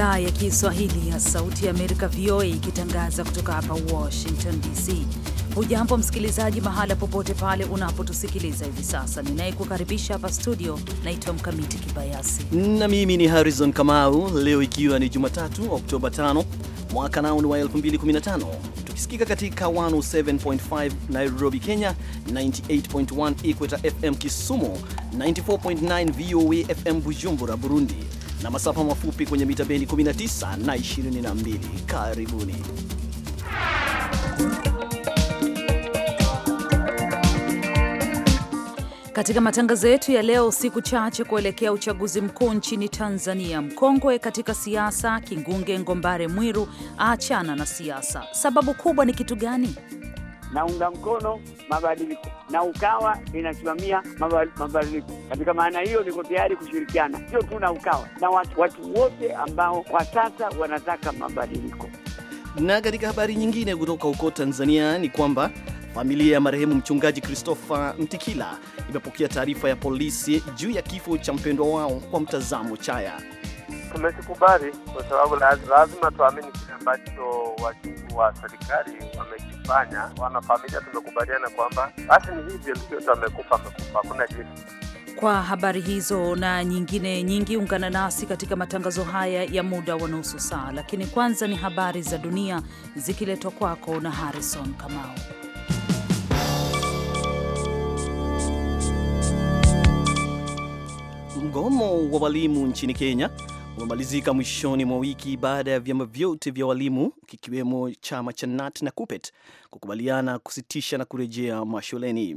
idhaa ya Kiswahili ya Sauti ya Amerika, VOA, ikitangaza kutoka hapa Washington DC. Hujambo msikilizaji, mahala popote pale unapotusikiliza hivi sasa. Ninayekukaribisha hapa studio naitwa Mkamiti Kibayasi na mimi ni Harrison Kamau. Leo ikiwa ni Jumatatu, Oktoba 5 mwaka nauni wa 2015 tukisikika katika 107.5 Nairobi, Kenya, 98.1 Equator FM Kisumu, 94.9 VOA FM Bujumbura, Burundi, na masafa mafupi kwenye mita bendi 19 na 22. Karibuni. Katika matangazo yetu ya leo, siku chache kuelekea uchaguzi mkuu nchini Tanzania, mkongwe katika siasa Kingunge Ngombare Mwiru aachana na siasa. Sababu kubwa ni kitu gani? naunga mkono mabadiliko na UKAWA inasimamia mabadiliko. Katika maana hiyo, niko tayari kushirikiana sio tu na UKAWA na watu, watu wote ambao kwa sasa wanataka mabadiliko. Na katika habari nyingine kutoka huko Tanzania ni kwamba familia ya marehemu mchungaji Christopher Mtikila imepokea taarifa ya polisi juu ya kifo cha mpendwa wao kwa mtazamo chaya tumekikubali kwa sababu lazima tuamini kile ambacho wajibu wa serikali wamekifanya. Wanafamilia tumekubaliana kwamba basi ni hivyo, mtoto amekufa, amekufa, hakuna jinsi. Kwa habari hizo na nyingine nyingi, ungana nasi katika matangazo haya ya muda wa nusu saa, lakini kwanza ni habari za dunia zikiletwa kwako na Harrison Kamau. Mgomo wa walimu nchini Kenya umemalizika mwishoni mwa wiki baada ya vyama vyote vya walimu kikiwemo chama cha NAT na KUPET kukubaliana kusitisha na kurejea mashuleni.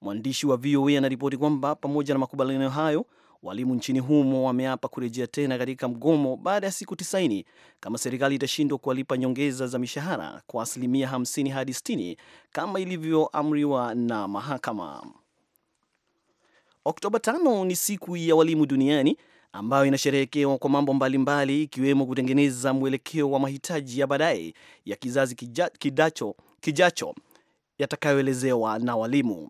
Mwandishi wa VOA anaripoti kwamba pamoja na makubaliano hayo, walimu nchini humo wameapa kurejea tena katika mgomo baada ya siku 90 kama serikali itashindwa kuwalipa nyongeza za mishahara kwa asilimia 50 hadi 60 kama ilivyoamriwa na mahakama. Oktoba tano ni siku ya walimu duniani ambayo inasherehekewa kwa mambo mbalimbali ikiwemo kutengeneza mwelekeo wa mahitaji ya baadaye ya kizazi kija, kidacho, kijacho yatakayoelezewa na walimu.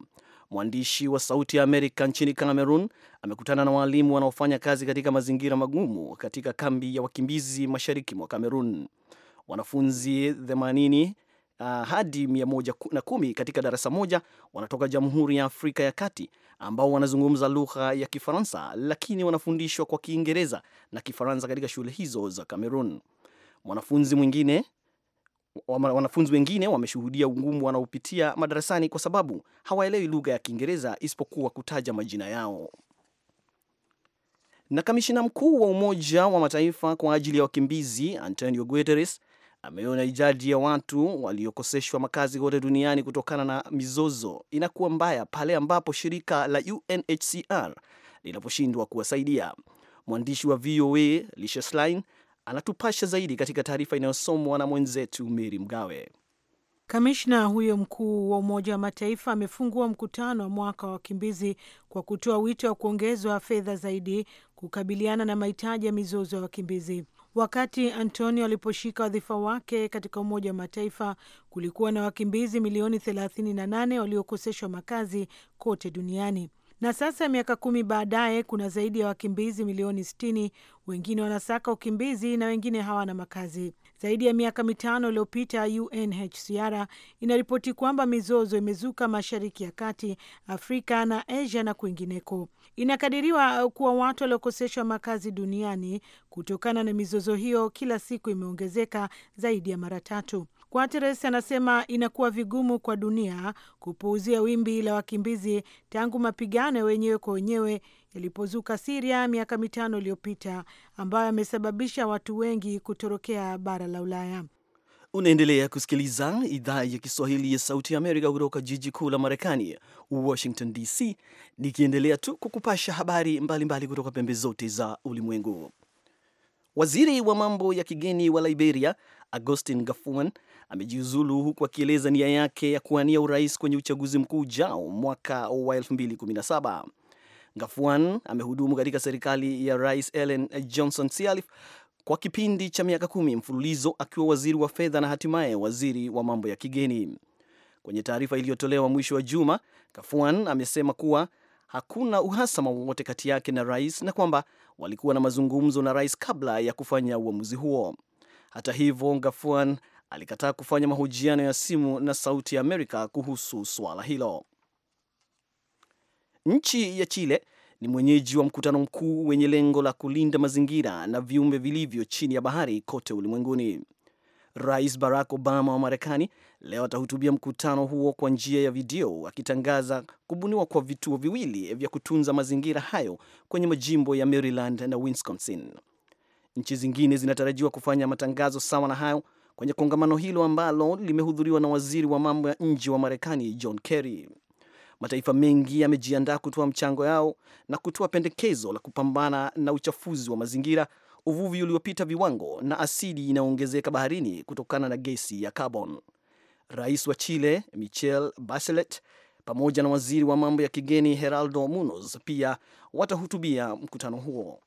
Mwandishi wa Sauti ya Amerika nchini Cameroon amekutana na waalimu wanaofanya kazi katika mazingira magumu katika kambi ya wakimbizi mashariki mwa Cameroon. Wanafunzi 80 uh, hadi 110 katika darasa moja wanatoka Jamhuri ya Afrika ya Kati ambao wanazungumza lugha ya Kifaransa, lakini wanafundishwa kwa Kiingereza na Kifaransa katika shule hizo za Cameroon. Mwanafunzi mwingine wanafunzi wengine wameshuhudia ugumu wanaopitia madarasani kwa sababu hawaelewi lugha ya Kiingereza isipokuwa kutaja majina yao. Na kamishina mkuu wa Umoja wa Mataifa kwa ajili ya wakimbizi Antonio Guterres ameona idadi ya watu waliokoseshwa makazi kote duniani kutokana na mizozo inakuwa mbaya pale ambapo shirika la UNHCR linaposhindwa kuwasaidia. Mwandishi wa VOA Lisha Schlein anatupasha zaidi katika taarifa inayosomwa na mwenzetu Meri Mgawe. Kamishna huyo mkuu wa Umoja wa Mataifa amefungua mkutano wa mwaka wa wakimbizi kwa kutoa wito wa kuongezwa fedha zaidi kukabiliana na mahitaji ya mizozo ya wakimbizi. Wakati Antonio aliposhika wadhifa wake katika Umoja wa Mataifa, kulikuwa na wakimbizi milioni 38 waliokoseshwa makazi kote duniani, na sasa miaka kumi baadaye kuna zaidi ya wakimbizi milioni 60. Wengine wanasaka ukimbizi na wengine hawana makazi. Zaidi ya miaka mitano iliyopita, UNHCR inaripoti kwamba mizozo imezuka Mashariki ya Kati, Afrika na Asia na kwingineko. Inakadiriwa kuwa watu waliokoseshwa makazi duniani kutokana na mizozo hiyo kila siku imeongezeka zaidi ya mara tatu. Guterres anasema inakuwa vigumu kwa dunia kupuuzia wimbi la wakimbizi tangu mapigano ya wenyewe kwa wenyewe yalipozuka Siria miaka mitano iliyopita, ambayo yamesababisha watu wengi kutorokea bara la Ulaya. Unaendelea kusikiliza idhaa ya Kiswahili ya Sauti ya Amerika kutoka jiji kuu la Marekani, Washington DC, nikiendelea tu kukupasha habari mbalimbali mbali kutoka pembe zote za ulimwengu. Waziri wa mambo ya kigeni wa Liberia Augustin Gafuan amejiuzulu huku akieleza nia yake ya kuwania urais kwenye uchaguzi mkuu ujao mwaka wa Gafuan amehudumu katika serikali ya Rais Ellen Johnson Sirleaf kwa kipindi cha miaka kumi mfululizo akiwa waziri wa fedha na hatimaye waziri wa mambo ya kigeni. Kwenye taarifa iliyotolewa mwisho wa juma, Gafuan amesema kuwa hakuna uhasama wowote kati yake na rais na kwamba walikuwa na mazungumzo na rais kabla ya kufanya uamuzi huo. Hata hivyo, Gafuan alikataa kufanya mahojiano ya simu na Sauti ya Amerika kuhusu swala hilo. Nchi ya Chile ni mwenyeji wa mkutano mkuu wenye lengo la kulinda mazingira na viumbe vilivyo chini ya bahari kote ulimwenguni. Rais Barack Obama wa Marekani leo atahutubia mkutano huo kwa njia ya video, akitangaza kubuniwa kwa vituo viwili vya kutunza mazingira hayo kwenye majimbo ya Maryland na Wisconsin. Nchi zingine zinatarajiwa kufanya matangazo sawa na hayo kwenye kongamano hilo ambalo limehudhuriwa na waziri wa mambo ya nje wa Marekani John Kerry. Mataifa mengi yamejiandaa kutoa mchango yao na kutoa pendekezo la kupambana na uchafuzi wa mazingira, uvuvi uliopita viwango na asidi inayoongezeka baharini kutokana na gesi ya carbon. Rais wa Chile Michel Bachelet pamoja na waziri wa mambo ya kigeni Heraldo Munoz pia watahutubia mkutano huo.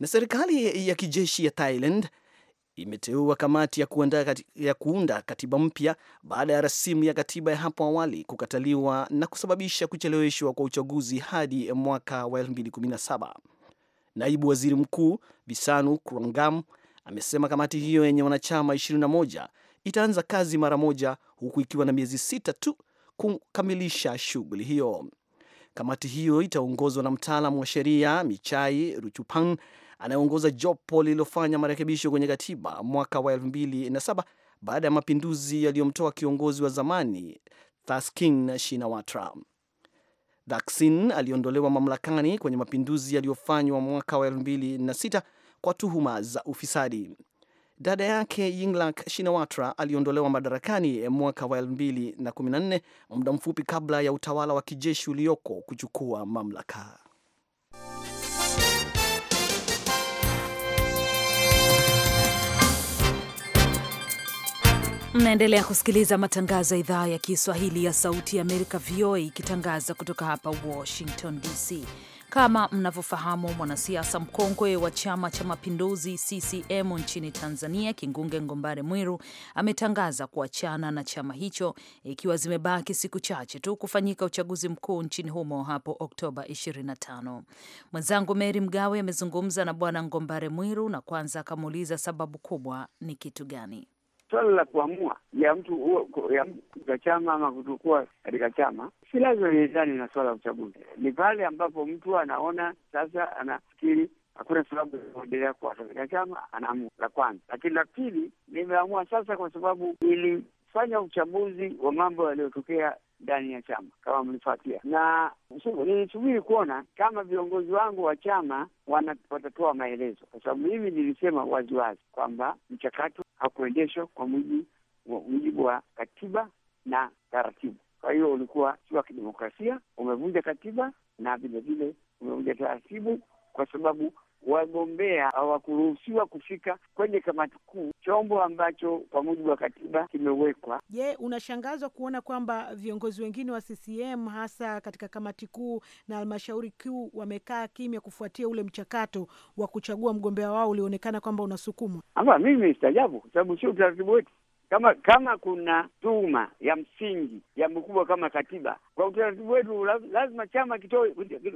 Na serikali ya kijeshi ya Thailand imeteua kamati ya, ya kuunda katiba mpya baada ya rasimu ya katiba ya hapo awali kukataliwa na kusababisha kucheleweshwa kwa uchaguzi hadi mwaka wa 2017. Naibu waziri mkuu Bisanu Kurangam amesema kamati hiyo yenye wanachama 21 itaanza kazi mara moja huku ikiwa na miezi sita tu kukamilisha shughuli hiyo. Kamati hiyo itaongozwa na mtaalamu wa sheria Michai ruchupan anayeongoza jopo lililofanya marekebisho kwenye katiba mwaka wa 2007 baada ya mapinduzi yaliyomtoa kiongozi wa zamani Thaksin Shinawatra. Thaksin aliondolewa mamlakani kwenye mapinduzi yaliyofanywa mwaka wa 2006 kwa tuhuma za ufisadi. Dada yake Yingluck Shinawatra aliondolewa madarakani mwaka wa 2014 muda mfupi kabla ya utawala wa kijeshi ulioko kuchukua mamlaka. Mnaendelea kusikiliza matangazo ya idhaa ya Kiswahili ya Sauti ya Amerika, VOA, ikitangaza kutoka hapa Washington DC. Kama mnavyofahamu, mwanasiasa mkongwe wa Chama cha Mapinduzi CCM nchini Tanzania, Kingunge Ngombare Mwiru ametangaza kuachana na chama hicho, ikiwa zimebaki siku chache tu kufanyika uchaguzi mkuu nchini humo hapo Oktoba 25. Mwenzangu Meri Mgawe amezungumza na Bwana Ngombare Mwiru na kwanza akamuuliza sababu kubwa ni kitu gani swala la kuamua ya mtu ya mtu chama ama kutokuwa katika chama si lazima liendane na swala la uchaguzi. Ni pale ambapo mtu anaona sasa, anafikiri hakuna sababu ya kuendelea kuwa katika chama, anaamua la kwanza. Lakini la pili, nimeamua sasa kwa sababu ilifanya uchambuzi wa mambo yaliyotokea ndani ya chama kama mlifuatilia, na nilisubiri kuona kama viongozi wangu wa chama watatoa maelezo, kwa sababu mimi nilisema waziwazi kwamba mchakato hakuendeshwa kwa mujibu wa katiba na taratibu. Kwa hiyo ulikuwa si wa kidemokrasia, umevunja katiba na vilevile umevunja taratibu, kwa sababu wagombea hawakuruhusiwa kufika kwenye kamati kuu, chombo ambacho kwa mujibu wa katiba kimewekwa. Je, unashangazwa kuona kwamba viongozi wengine wa CCM hasa katika kamati kuu na halmashauri kuu wamekaa kimya kufuatia ule mchakato wa kuchagua mgombea wao ulioonekana kwamba unasukumwa? Ama mimi sitajabu, kwa sababu sio utaratibu wetu. Kama kama kuna tuma ya msingi ya mkubwa kama katiba, kwa utaratibu wetu lazima chama kitoe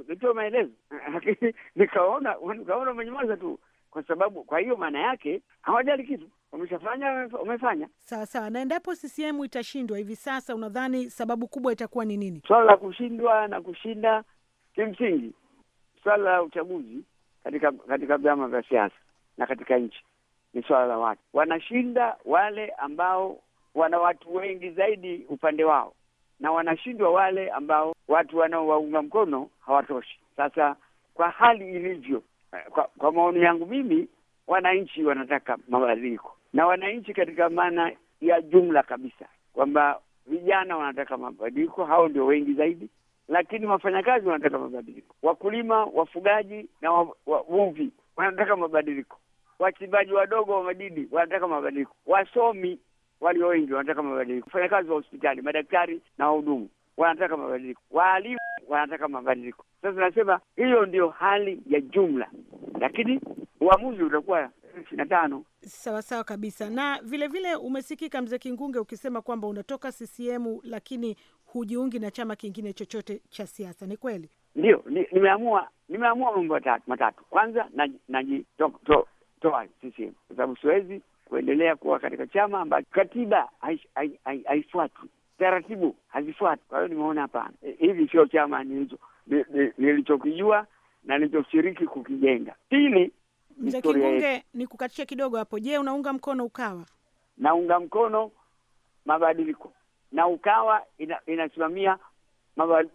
kitoe maelezo, lakini nikaona nikaona mwenyewaza tu kwa sababu kwa hiyo maana yake hawajali kitu, wameshafanya wamefanya. Sawa sawa. Na endapo CCM itashindwa hivi sasa, unadhani sababu kubwa itakuwa ni nini? Swala la kushindwa na kushinda, kimsingi swala la uchaguzi katika katika vyama vya siasa na katika nchi ni swala la watu. Wanashinda wale ambao wana watu wengi zaidi upande wao, na wanashindwa wale ambao watu wanaowaunga mkono hawatoshi. Sasa kwa hali ilivyo, eh, kwa, kwa maoni yangu mimi, wananchi wanataka mabadiliko, na wananchi katika maana ya jumla kabisa kwamba vijana wanataka mabadiliko, hao ndio wengi zaidi, lakini wafanyakazi wanataka mabadiliko, wakulima, wafugaji na wavuvi wa, wanataka mabadiliko wachimbaji wadogo wa madini wanataka mabadiliko, wasomi walio wengi wanataka mabadiliko, wafanyakazi wa hospitali, madaktari na wahudumu wanataka mabadiliko, waalimu wanataka mabadiliko. Sasa nasema hiyo ndio hali ya jumla, lakini uamuzi utakuwa ishirini na tano. Sawa sawa kabisa. Na vile vile umesikika mzee Kingunge ukisema kwamba unatoka CCM lakini hujiungi na chama kingine chochote cha siasa. Ni kweli? Ndio, nimeamua nimeamua mambo matatu. Kwanza najitoa kutoa CCM kwa sababu siwezi kuendelea kuwa katika chama ambacho katiba haifuatwi, taratibu hazifuatwi. Kwa hiyo nimeona hapana, eh, hivi sio chama nilichokijua na nilichoshiriki kukijenga. Pili, Mzee Kingunge, ni kukatisha kidogo hapo. Je, unaunga mkono Ukawa? Naunga mkono mabadiliko na Ukawa ina, inasimamia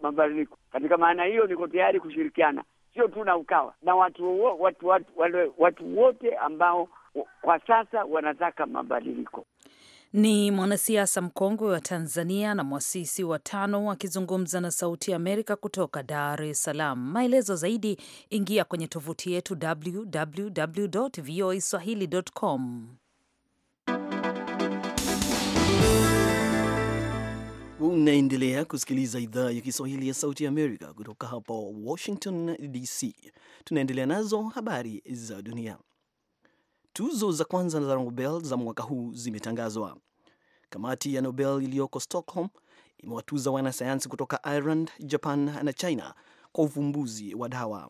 mabadiliko. Katika maana hiyo, niko tayari kushirikiana sio tu na Ukawa na watu, watu, watu, watu, wale, watu wote ambao kwa sasa wanataka mabadiliko. Ni mwanasiasa mkongwe wa Tanzania na mwasisi wa tano akizungumza na Sauti ya Amerika kutoka Dar es Salaam. Maelezo zaidi ingia kwenye tovuti yetu www voa swahili.com. Unaendelea kusikiliza idhaa ya Kiswahili ya Sauti ya Amerika kutoka hapa Washington DC. Tunaendelea nazo habari za dunia. Tuzo za kwanza za Nobel za mwaka huu zimetangazwa. Kamati ya Nobel iliyoko Stockholm imewatuza wanasayansi kutoka Ireland, Japan na China kwa uvumbuzi wa dawa.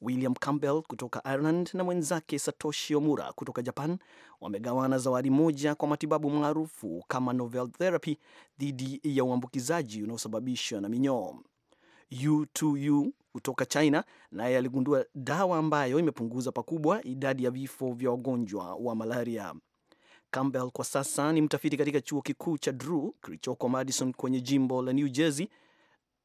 William Campbell kutoka Ireland na mwenzake Satoshi Omura kutoka Japan wamegawana zawadi moja kwa matibabu maarufu kama novel therapy dhidi ya uambukizaji unaosababishwa na minyoo. U2U kutoka China naye aligundua dawa ambayo imepunguza pakubwa idadi ya vifo vya wagonjwa wa malaria. Campbell kwa sasa ni mtafiti katika chuo kikuu cha Drew kilichoko Madison kwenye jimbo la New Jersey,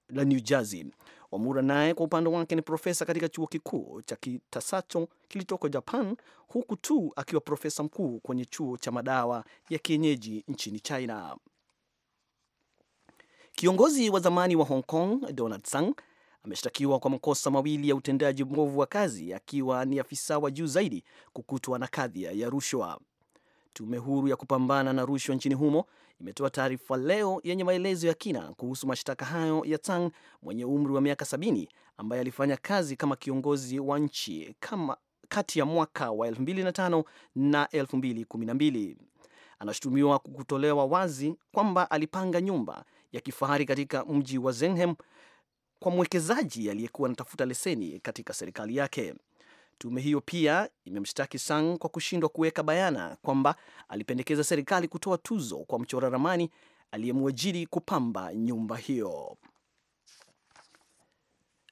la New Jersey. Wamura naye kwa upande wake ni profesa katika chuo kikuu cha Kitasato kilichoko Japan, huku tu akiwa profesa mkuu kwenye chuo cha madawa ya kienyeji nchini China. Kiongozi wa zamani wa Hong Kong Donald Tsang ameshtakiwa kwa makosa mawili ya utendaji mbovu wa kazi akiwa ni afisa wa juu zaidi kukutwa na kadhia ya rushwa. Tume huru ya kupambana na rushwa nchini humo imetoa taarifa leo yenye maelezo ya kina kuhusu mashtaka hayo ya Tang mwenye umri wa miaka sabini ambaye alifanya kazi kama kiongozi wa nchi kama kati ya mwaka wa 2005 na 2012. Anashutumiwa kutolewa wazi kwamba alipanga nyumba ya kifahari katika mji wa Zenhem kwa mwekezaji aliyekuwa anatafuta leseni katika serikali yake. Tume hiyo pia imemshtaki Sang kwa kushindwa kuweka bayana kwamba alipendekeza serikali kutoa tuzo kwa mchora ramani aliyemwajiri kupamba nyumba hiyo.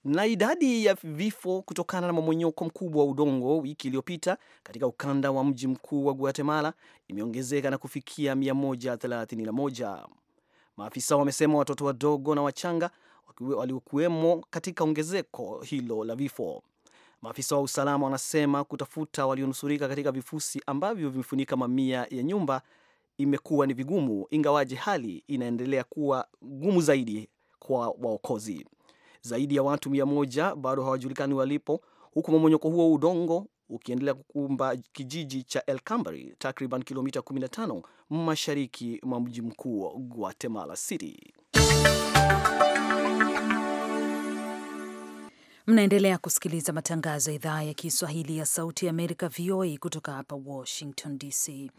Na idadi ya vifo kutokana na mamonyoko mkubwa wa udongo wiki iliyopita katika ukanda wa mji mkuu wa Guatemala imeongezeka na kufikia 131. Maafisa wamesema watoto wadogo na wachanga waliokuwemo katika ongezeko hilo la vifo. Maafisa wa usalama wanasema kutafuta walionusurika katika vifusi ambavyo vimefunika mamia ya nyumba imekuwa ni vigumu, ingawaje hali inaendelea kuwa gumu zaidi kwa waokozi. Zaidi ya watu mia moja bado hawajulikani walipo, huku mamonyoko huo wa udongo ukiendelea kukumba kijiji cha El takriban kilomita 15 mashariki mwa mji mkuu Guatemala City. Mnaendelea kusikiliza matangazo ya idhaa ya Kiswahili ya Sauti ya Amerika, VOA, kutoka hapa Washington DC.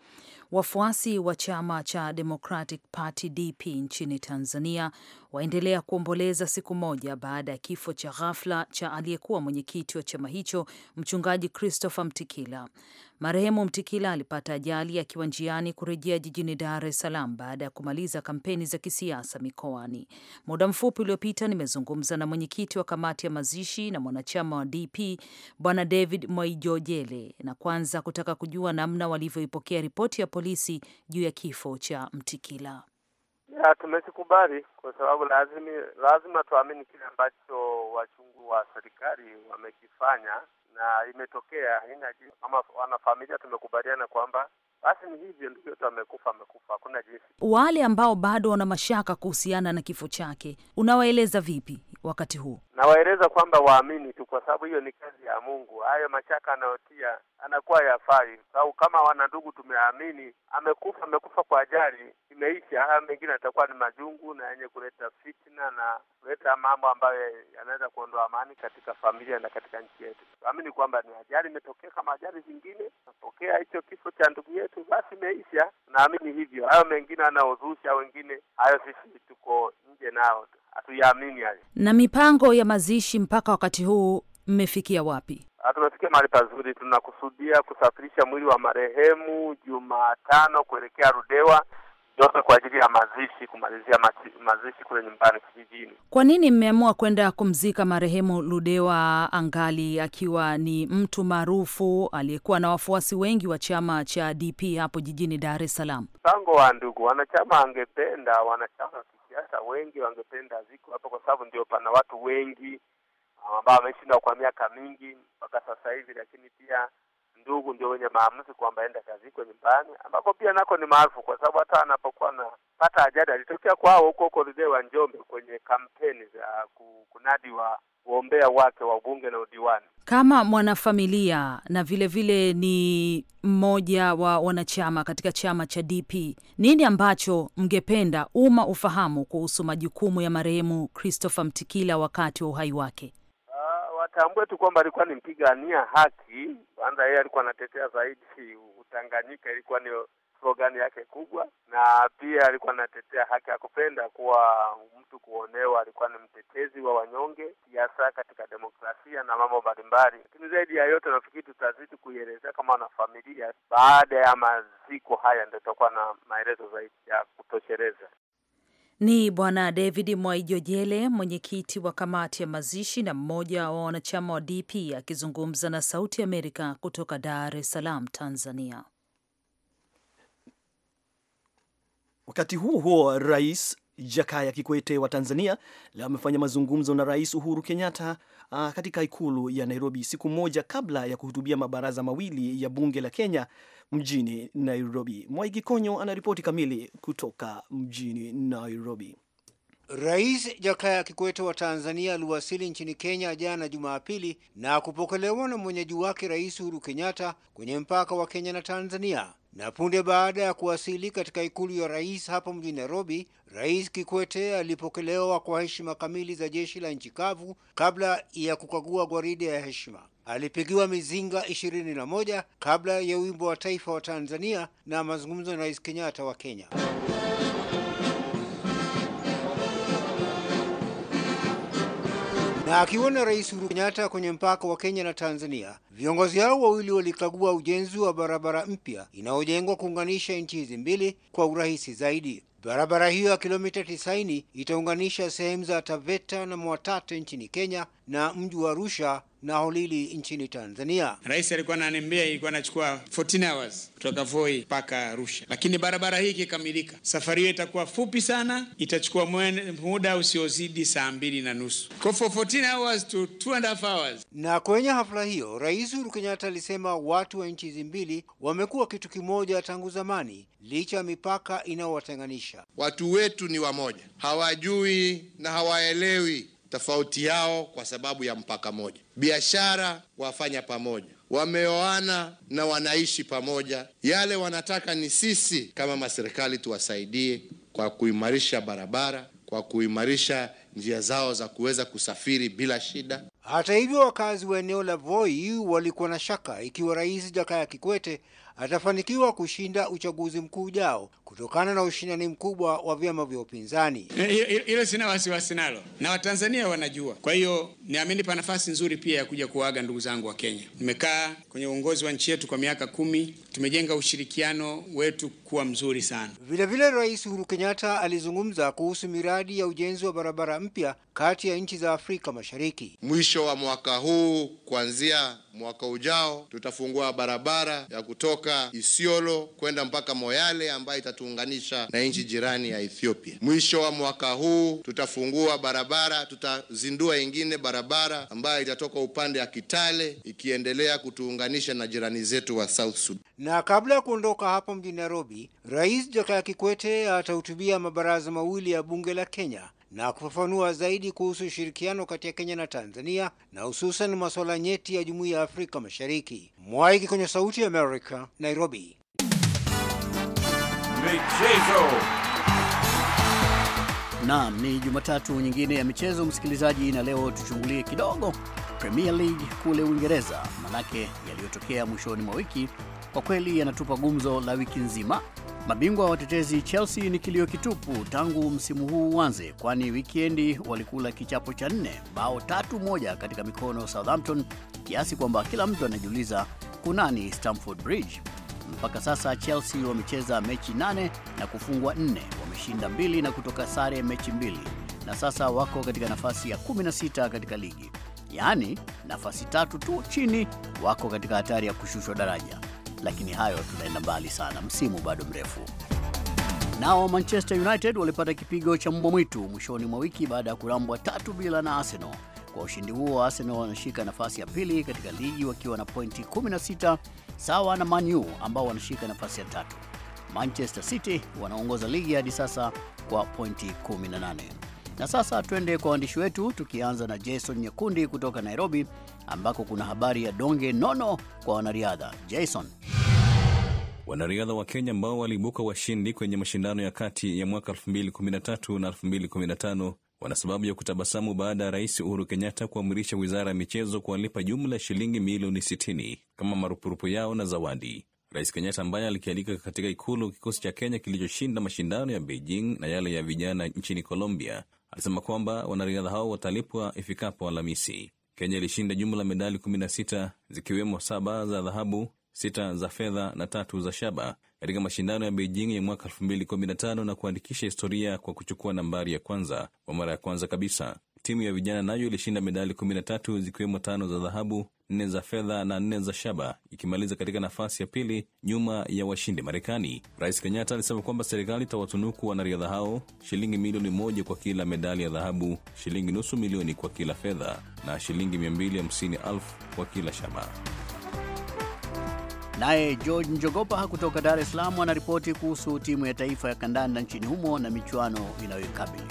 Wafuasi wa chama cha Democratic Party DP nchini Tanzania waendelea kuomboleza siku moja baada ya kifo cha ghafla cha aliyekuwa mwenyekiti wa chama hicho mchungaji Christopher Mtikila. Marehemu Mtikila alipata ajali akiwa njiani kurejea jijini Dar es Salaam baada ya kumaliza kampeni za kisiasa mikoani. Muda mfupi uliopita, nimezungumza na mwenyekiti wa kamati ya mazishi na mwanachama wa DP Bwana David Mwaijojele, na kwanza kutaka kujua namna walivyoipokea ripoti ya polisi juu ya kifo cha Mtikila. Tumekikubali kwa sababu lazima, lazima tuamini kile ambacho wachungu wa serikali wamekifanya na imetokea haina jinsi. Kama wanafamilia tumekubaliana kwamba basi ni hivyo, ndugu yetu amekufa, amekufa, hakuna jinsi. Wale ambao bado wana mashaka kuhusiana na kifo chake unawaeleza vipi? wakati huu? Nawaeleza kwamba waamini tu, kwa sababu hiyo ni kazi ya Mungu. Hayo mashaka anayotia anakuwa yafai, sababu kama wanandugu tumeamini amekufa, amekufa kwa ajali, imeisha. Haya mengine atakuwa ni majungu na yenye kuleta fitna na kuleta mambo ambayo yanaweza kuondoa amani katika familia na katika nchi yetu. Tuamini kwamba ni ajali imetokea, kama ajali zingine napokea hicho kifo cha ndugu yetu, basi imeisha. Naamini hivyo. Hayo mengine anaozusha wengine, hayo sisi tuko nje nao tu hatuyaamini yani. Na mipango ya mazishi mpaka wakati huu mmefikia wapi? Ah, Tumefikia mahali pazuri. Tunakusudia kusafirisha mwili wa marehemu Jumatano kuelekea Rudewa yote kwa ajili ya mazishi, kumalizia mazishi kule nyumbani kijijini. Kwa nini mmeamua kwenda kumzika marehemu Ludewa angali akiwa ni mtu maarufu aliyekuwa na wafuasi wengi wa chama cha DP hapo jijini Dar es Salaam? Mpango wa ndugu wanachama, angependa wanachama wanasiasa wengi wangependa ziko hapa, kwa sababu ndio pana watu wengi ah, ambao wameshinda kwa miaka mingi mpaka sasa hivi, lakini pia ndugu ndio wenye maamuzi kwamba aende kazi iko nyumbani, ambako pia nako ni maarufu kwa sababu hata anapokuwa anapata ajali alitokea kwao huko huko Ridhee wa Njombe kwenye kampeni za kunadi wa uombea wake wa ubunge na udiwani kama mwanafamilia na vilevile vile ni mmoja wa wanachama katika chama cha DP, nini ambacho mngependa umma ufahamu kuhusu majukumu ya marehemu Christopher Mtikila wakati wa uhai wake? atambue tu kwamba alikuwa ni mpigania haki kwanza. Yeye alikuwa anatetea zaidi Utanganyika, ilikuwa ni slogan yake kubwa, na pia alikuwa anatetea haki ya kupenda kuwa mtu kuonewa. Alikuwa ni mtetezi wa wanyonge, siasa katika demokrasia na mambo mbalimbali. Lakini zaidi ya yote, nafikiri tutazidi kuielezea kama na familia. Baada ya maziko haya, ndio tutakuwa na maelezo zaidi ya kutosheleza. Ni Bwana David Mwaijojele, mwenyekiti wa kamati ya mazishi na mmoja wa wanachama wa DP, akizungumza na Sauti Amerika kutoka Dar es Salaam, Tanzania. Wakati huo huo, rais Jakaya Kikwete wa Tanzania leo amefanya mazungumzo na Rais Uhuru Kenyatta ah, katika ikulu ya Nairobi siku moja kabla ya kuhutubia mabaraza mawili ya bunge la Kenya mjini Nairobi. Mwaigi Konyo anaripoti kamili kutoka mjini Nairobi. Rais Jakaya Kikwete wa Tanzania aliwasili nchini Kenya jana Jumapili na kupokelewa na mwenyeji wake Rais Uhuru Kenyatta kwenye mpaka wa Kenya na Tanzania. Na punde baada ya kuwasili katika ikulu ya rais hapo mjini Nairobi, Rais Kikwete alipokelewa kwa heshima kamili za jeshi la nchi kavu kabla ya kukagua gwaride ya heshima. Alipigiwa mizinga ishirini na moja kabla ya wimbo wa taifa wa Tanzania na mazungumzo na Rais Kenyatta wa Kenya. Na akiona Rais Uhuru Kenyatta kwenye mpaka wa Kenya na Tanzania, viongozi hao wawili walikagua ujenzi wa barabara mpya inayojengwa kuunganisha nchi hizi mbili kwa urahisi zaidi. Barabara hiyo ya kilomita 90 itaunganisha sehemu za Taveta na Mwatate nchini Kenya na mji wa Arusha na holili nchini Tanzania. Rais alikuwa ananiambia ilikuwa anachukua 14 hours kutoka Voi mpaka Arusha, lakini barabara hii ikikamilika, safari hiyo itakuwa fupi sana, itachukua muda usiozidi saa mbili na nusu kwa 14 hours to 2 and a half hours. Na kwenye hafla hiyo Rais Uhuru Kenyatta alisema watu wa nchi hizi mbili wamekuwa kitu kimoja tangu zamani, licha ya mipaka inayowatenganisha. Watu wetu ni wamoja, hawajui na hawaelewi tofauti yao kwa sababu ya mpaka moja. Biashara wafanya pamoja, wameoana na wanaishi pamoja. Yale wanataka ni sisi kama maserikali tuwasaidie kwa kuimarisha barabara, kwa kuimarisha njia zao za kuweza kusafiri bila shida. Hata hivyo, wakazi wa eneo la Voi walikuwa na shaka ikiwa Rais Jakaya Kikwete atafanikiwa kushinda uchaguzi mkuu ujao kutokana na ushindani mkubwa wa vyama vya upinzani. Hilo sina wasiwasi nalo na Watanzania wanajua. Kwa hiyo niamini pana nafasi nzuri pia ya kuja kuwaaga ndugu zangu wa Kenya. Nimekaa kwenye uongozi wa nchi yetu kwa miaka kumi, tumejenga ushirikiano wetu kuwa mzuri sana. Vilevile Rais Uhuru Kenyatta alizungumza kuhusu miradi ya ujenzi wa barabara mpya kati ya nchi za Afrika Mashariki Mwish mwisho wa mwaka huu kuanzia mwaka ujao tutafungua barabara ya kutoka Isiolo kwenda mpaka Moyale ambayo itatuunganisha na nchi jirani ya Ethiopia. Mwisho wa mwaka huu tutafungua barabara, tutazindua ingine barabara ambayo itatoka upande wa Kitale ikiendelea kutuunganisha na jirani zetu wa South Sudan. Na kabla ya kuondoka hapo mjini Nairobi, Rais Jakaya Kikwete atahutubia mabaraza mawili ya bunge la Kenya na kufafanua zaidi kuhusu ushirikiano kati ya Kenya na Tanzania na hususan masuala nyeti ya Jumuiya ya Afrika Mashariki. Mwaiki kwenye Sauti ya Amerika, Nairobi. Michezo. Naam, ni Jumatatu nyingine ya michezo msikilizaji, na leo tuchungulie kidogo Premier League kule Uingereza, manake yaliyotokea mwishoni mwa wiki kwa kweli yanatupa gumzo la wiki nzima. Mabingwa watetezi Chelsea ni kilio kitupu tangu msimu huu uanze, kwani wikendi walikula kichapo cha nne, bao tatu moja katika mikono Southampton, kiasi kwamba kila mtu anajiuliza kunani Stamford Bridge. Mpaka sasa Chelsea wamecheza mechi nane na kufungwa nne, wameshinda mbili na kutoka sare mechi mbili, na sasa wako katika nafasi ya 16 katika ligi, yaani nafasi tatu tu chini, wako katika hatari ya kushushwa daraja lakini hayo tunaenda mbali sana, msimu bado mrefu. Nao Manchester United walipata kipigo cha mbwa mwitu mwishoni mwa wiki baada ya kurambwa tatu bila na Arsenal. Kwa ushindi huo, Arsenal wanashika nafasi ya pili katika ligi wakiwa na pointi 16 sawa na manu ambao wanashika nafasi ya tatu. Manchester City wanaongoza ligi hadi sasa kwa pointi 18. Na sasa twende kwa waandishi wetu tukianza na Jason Nyakundi kutoka Nairobi ambako kuna habari ya donge nono kwa wanariadha. Jason, wanariadha wa Kenya ambao waliibuka washindi kwenye mashindano ya kati ya mwaka 213 na 215 wana sababu ya kutabasamu baada ya Rais Uhuru Kenyatta kuamrisha wizara ya michezo kuwalipa jumla ya shilingi milioni 60 kama marupurupu yao na zawadi. Rais Kenyatta ambaye alikialika katika ikulu kikosi cha Kenya kilichoshinda mashindano ya Beijing na yale ya vijana nchini Colombia alisema kwamba wanariadha hao watalipwa ifikapo Alhamisi. Kenya ilishinda jumla medali 16 zikiwemo saba za dhahabu, sita za fedha na tatu za shaba katika mashindano ya Beijing ya mwaka 215 na kuandikisha historia kwa kuchukua nambari ya kwanza kwa mara ya kwanza kabisa. Timu ya vijana nayo ilishinda medali 13 zikiwemo tano za dhahabu, nne za fedha na nne za shaba, ikimaliza katika nafasi ya pili nyuma ya washindi Marekani. Rais Kenyatta alisema kwamba serikali itawatunuku wanariadha hao shilingi milioni moja kwa kila medali ya dhahabu, shilingi nusu milioni kwa kila fedha na shilingi 250,000 kwa kila shaba. Naye George Njogopa kutoka Dar es Salaam anaripoti kuhusu timu ya taifa ya kandanda nchini humo na michuano inayoikabili.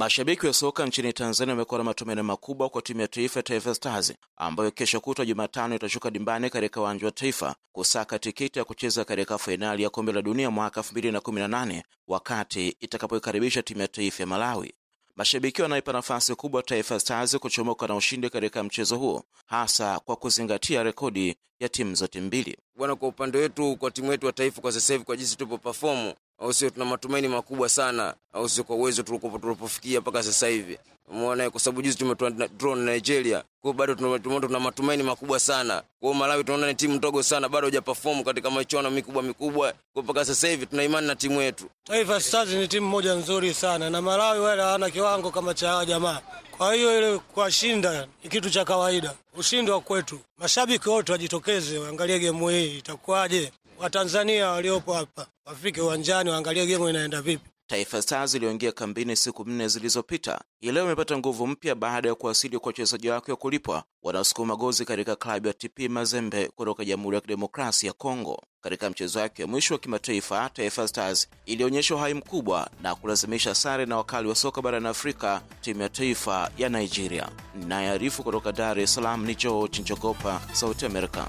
Mashabiki wa soka nchini Tanzania wamekuwa na matumaini makubwa kwa timu ya taifa ya Taifa Stars ambayo kesho kutwa Jumatano itashuka dimbani katika uwanja wa Taifa kusaka tikiti ya kucheza katika fainali ya kombe la dunia mwaka 2018 wakati itakapoikaribisha timu ya taifa ya Malawi. Mashabiki wanaipa nafasi kubwa Taifa Stars kuchomoka na ushindi katika mchezo huo, hasa kwa kuzingatia rekodi ya timu zote mbili. Bwana, kwa upande wetu, kwa timu yetu wa taifa, kwa sasa hivi, kwa jinsi tupo perform, au sio? Tuna matumaini makubwa sana, au sio, kwa uwezo tulikuwa tulipofikia mpaka sasa hivi. Umeona, kwa sababu juzi tumetoa drone Nigeria, kwa bado tuna matumaini makubwa sana. Kwa Malawi tunaona ni timu ndogo sana, bado hujaperform katika michuano mikubwa mikubwa. Kwa mpaka sasa hivi tuna imani na timu yetu. Taifa Stars ni timu moja nzuri sana, na Malawi wala hawana kiwango kama cha hawa jamaa. Kwa hiyo ile kuwashinda ni kitu cha kawaida, ushindi wa kwetu. Mashabiki wote wajitokeze, waangalie gemu hii itakuwaje. Watanzania waliopo hapa wafike uwanjani waangalie gemu inaenda vipi. Taifa Stars iliyoingia kambini siku nne zilizopita hii leo imepata nguvu mpya baada ya kuwasili kwa wachezaji wake wa kulipwa wanaosukuma gozi katika klabu ya TP Mazembe kutoka Jamhuri ya Kidemokrasia ya Kongo. Katika mchezo wake wa mwisho wa kimataifa, Taifa Stars ilionyesha uhai mkubwa na kulazimisha sare na wakali wa soka barani Afrika, timu ya taifa ya Nigeria. Ninayearifu kutoka Dar es Salaam ni George Njogopa, Sauti america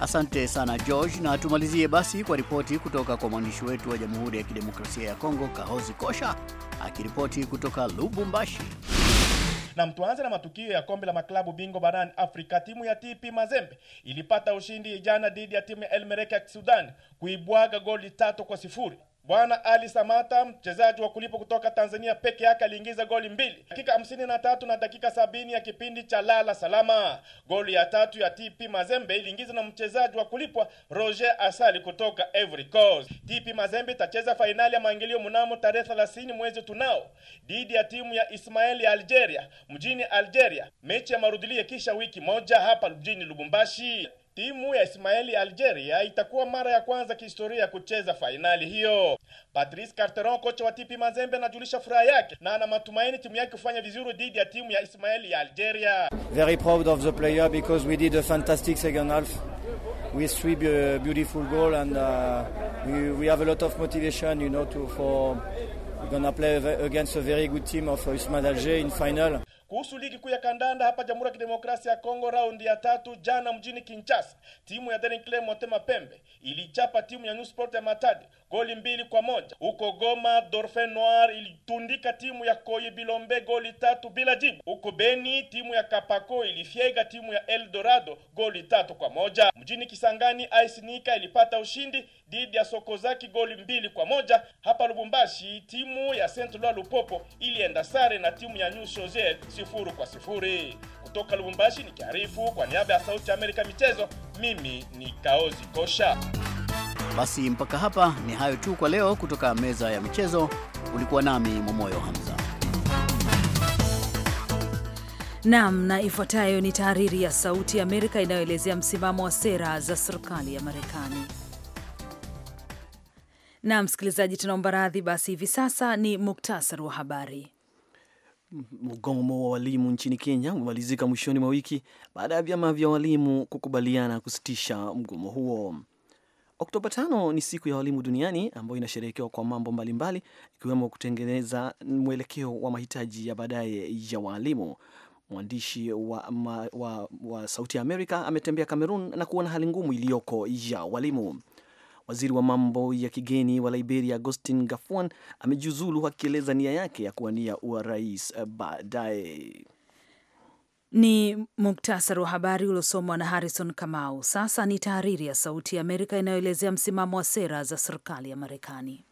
Asante sana George, na tumalizie basi kwa ripoti kutoka kwa mwandishi wetu wa Jamhuri ya Kidemokrasia ya Kongo, Kahozi Kosha akiripoti kutoka Lubumbashi. Na mtuanze na matukio ya kombe la maklabu bingo barani Afrika. Timu ya TP Mazembe ilipata ushindi jana dhidi ya timu ya Elmerek ya Sudan kuibwaga goli tatu kwa sifuri. Bwana Ali Samata, mchezaji wa kulipwa kutoka Tanzania peke yake, aliingiza goli mbili dakika hamsini na tatu na dakika sabini ya kipindi cha lala salama. Goli ya tatu ya TP Mazembe iliingizwa na mchezaji wa kulipwa Roger Asali kutoka Ivory Coast. TP Mazembe itacheza fainali ya maingilio mnamo tarehe 30 mwezi tunao dhidi ya timu ya Ismaeli ya Algeria mjini Algeria, mechi ya marudhulie kisha wiki moja hapa mjini Lubumbashi. Timu ya Ismaeli Algeria itakuwa mara ya kwanza kihistoria kucheza fainali hiyo. Patrice Carteron, kocha wa TP Mazembe, anajulisha furaha yake na ana matumaini timu yake kufanya vizuri dhidi ya timu ya Ismaeli ya Algeria. Very proud of the player because we did a fantastic second half we sweep a uh, beautiful goal and uh, we, we have a lot of motivation you know to for we're gonna play against a very good team of Ismaeli Alger in final. Kuhusu ligi kuu ya kandanda hapa Jamhuri ya Kidemokrasia ya Kongo, raundi ya tatu jana mjini Kinshasa, timu ya Daring Club Motema Pembe ilichapa timu ya New Sport ya Matadi goli mbili kwa moja. Huko Goma, dorfe Noir ilitundika timu ya Koyi Bilombe goli tatu bila jibu. Huko Beni, timu ya Kapako ilifyega timu ya Eldorado goli tatu kwa moja. Mjini Kisangani, AS Nika ilipata ushindi dhidi ya Sokozaki goli mbili kwa moja. Hapa Lubumbashi, timu ya Saint Eloi Lupopo ilienda sare na timu ya New Shozel sifuru kwa sifuri. Kutoka Lubumbashi nikiarifu kwa niaba ya Sauti ya Amerika michezo, mimi ni Kaozi Kosha. Basi mpaka hapa ni hayo tu kwa leo kutoka meza ya michezo. Ulikuwa nami Momoyo Hamza. Naam, na ifuatayo ni tahariri ya Sauti ya Amerika inayoelezea msimamo wa sera za serikali ya Marekani. na msikilizaji, tunaomba radhi. Basi hivi sasa ni muktasari wa habari. Mgomo wa walimu nchini Kenya umemalizika mwishoni mwa wiki baada ya vyama vya walimu kukubaliana kusitisha mgomo huo. Oktoba tano ni siku ya walimu duniani ambayo inasherehekewa kwa mambo mbalimbali ikiwemo mbali, kutengeneza mwelekeo wa mahitaji ya baadaye ya waalimu. Mwandishi wa, ma, wa, wa Sauti ya Amerika ametembea Kamerun na kuona hali ngumu iliyoko ya walimu. Waziri wa mambo ya kigeni wa Liberia agostin Gafuan amejiuzulu akieleza nia yake ya kuwania urais baadaye. Ni muktasari wa habari uliosomwa na Harrison Kamau. Sasa ni tahariri ya Sauti ya Amerika inayoelezea msimamo wa sera za serikali ya Marekani.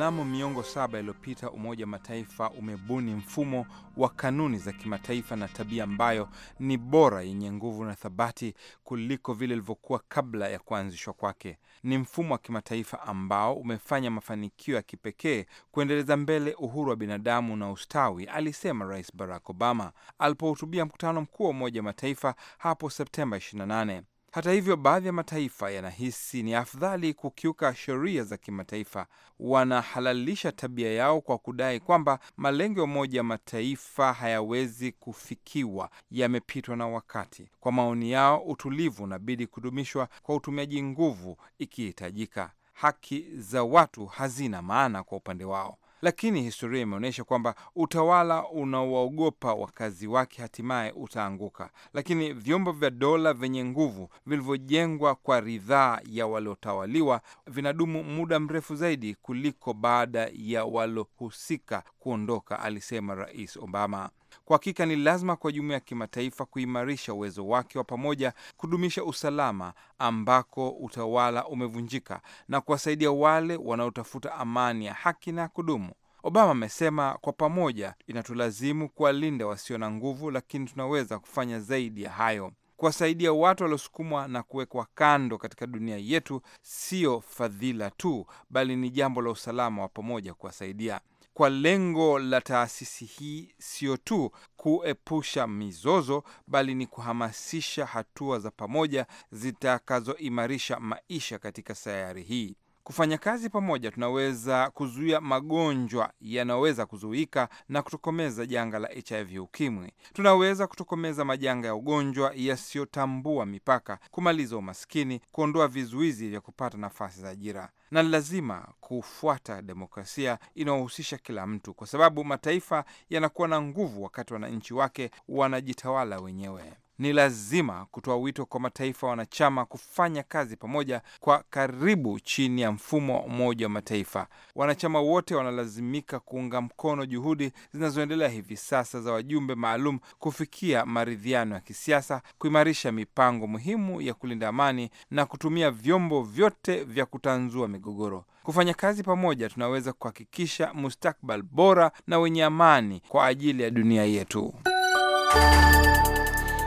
Mnamo miongo saba iliyopita Umoja wa Mataifa umebuni mfumo wa kanuni za kimataifa na tabia ambayo ni bora, yenye nguvu na thabati kuliko vile ilivyokuwa kabla ya kuanzishwa kwake. Ni mfumo wa kimataifa ambao umefanya mafanikio ya kipekee kuendeleza mbele uhuru wa binadamu na ustawi, alisema Rais Barack Obama alipohutubia mkutano mkuu wa Umoja wa Mataifa hapo Septemba 28. Hata hivyo, baadhi ya mataifa yanahisi ni afadhali kukiuka sheria za kimataifa. Wanahalalisha tabia yao kwa kudai kwamba malengo ya Umoja Mataifa hayawezi kufikiwa, yamepitwa na wakati. Kwa maoni yao, utulivu unabidi kudumishwa kwa utumiaji nguvu ikihitajika. Haki za watu hazina maana kwa upande wao lakini historia imeonyesha kwamba utawala unawaogopa wakazi wake hatimaye utaanguka. Lakini vyombo vya dola vyenye nguvu vilivyojengwa kwa ridhaa ya waliotawaliwa vinadumu muda mrefu zaidi kuliko baada ya walohusika kuondoka, alisema Rais Obama. Kwa hakika ni lazima kwa jumuiya ya kimataifa kuimarisha uwezo wake wa pamoja kudumisha usalama ambako utawala umevunjika na kuwasaidia wale wanaotafuta amani ya haki na kudumu. Obama amesema kwa pamoja inatulazimu kuwalinda wasio na nguvu, lakini tunaweza kufanya zaidi ya hayo. Kuwasaidia watu waliosukumwa na kuwekwa kando katika dunia yetu siyo fadhila tu, bali ni jambo la usalama wa pamoja kuwasaidia kwa lengo la taasisi hii sio tu kuepusha mizozo, bali ni kuhamasisha hatua za pamoja zitakazoimarisha maisha katika sayari hii. Kufanya kazi pamoja, tunaweza kuzuia magonjwa yanayoweza kuzuika na kutokomeza janga la HIV UKIMWI. Tunaweza kutokomeza majanga ya ugonjwa yasiyotambua mipaka, kumaliza umaskini, kuondoa vizuizi vya kupata nafasi za ajira na lazima kufuata demokrasia inayohusisha kila mtu, kwa sababu mataifa yanakuwa na nguvu wakati wananchi wake wanajitawala wenyewe ni lazima kutoa wito kwa mataifa wanachama kufanya kazi pamoja kwa karibu chini ya mfumo wa Umoja wa Mataifa. Wanachama wote wanalazimika kuunga mkono juhudi zinazoendelea hivi sasa za wajumbe maalum kufikia maridhiano ya kisiasa, kuimarisha mipango muhimu ya kulinda amani na kutumia vyombo vyote vya kutanzua migogoro. Kufanya kazi pamoja, tunaweza kuhakikisha mustakbal bora na wenye amani kwa ajili ya dunia yetu.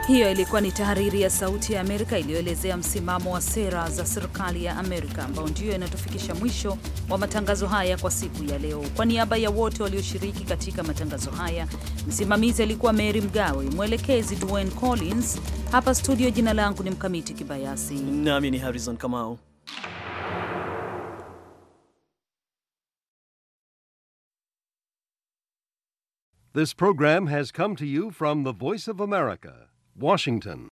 Hiyo ilikuwa ni tahariri ya Sauti ya Amerika iliyoelezea msimamo wa sera za serikali ya Amerika, ambao ndiyo inatufikisha mwisho wa matangazo haya kwa siku ya leo. Kwa niaba ya wote walioshiriki katika matangazo haya, msimamizi alikuwa Mary Mgawe, mwelekezi Dwayne Collins. Hapa studio, jina langu ni Mkamiti Kibayasi nami ni Harrison Kamau. This program has come to you from the Voice of America. Washington.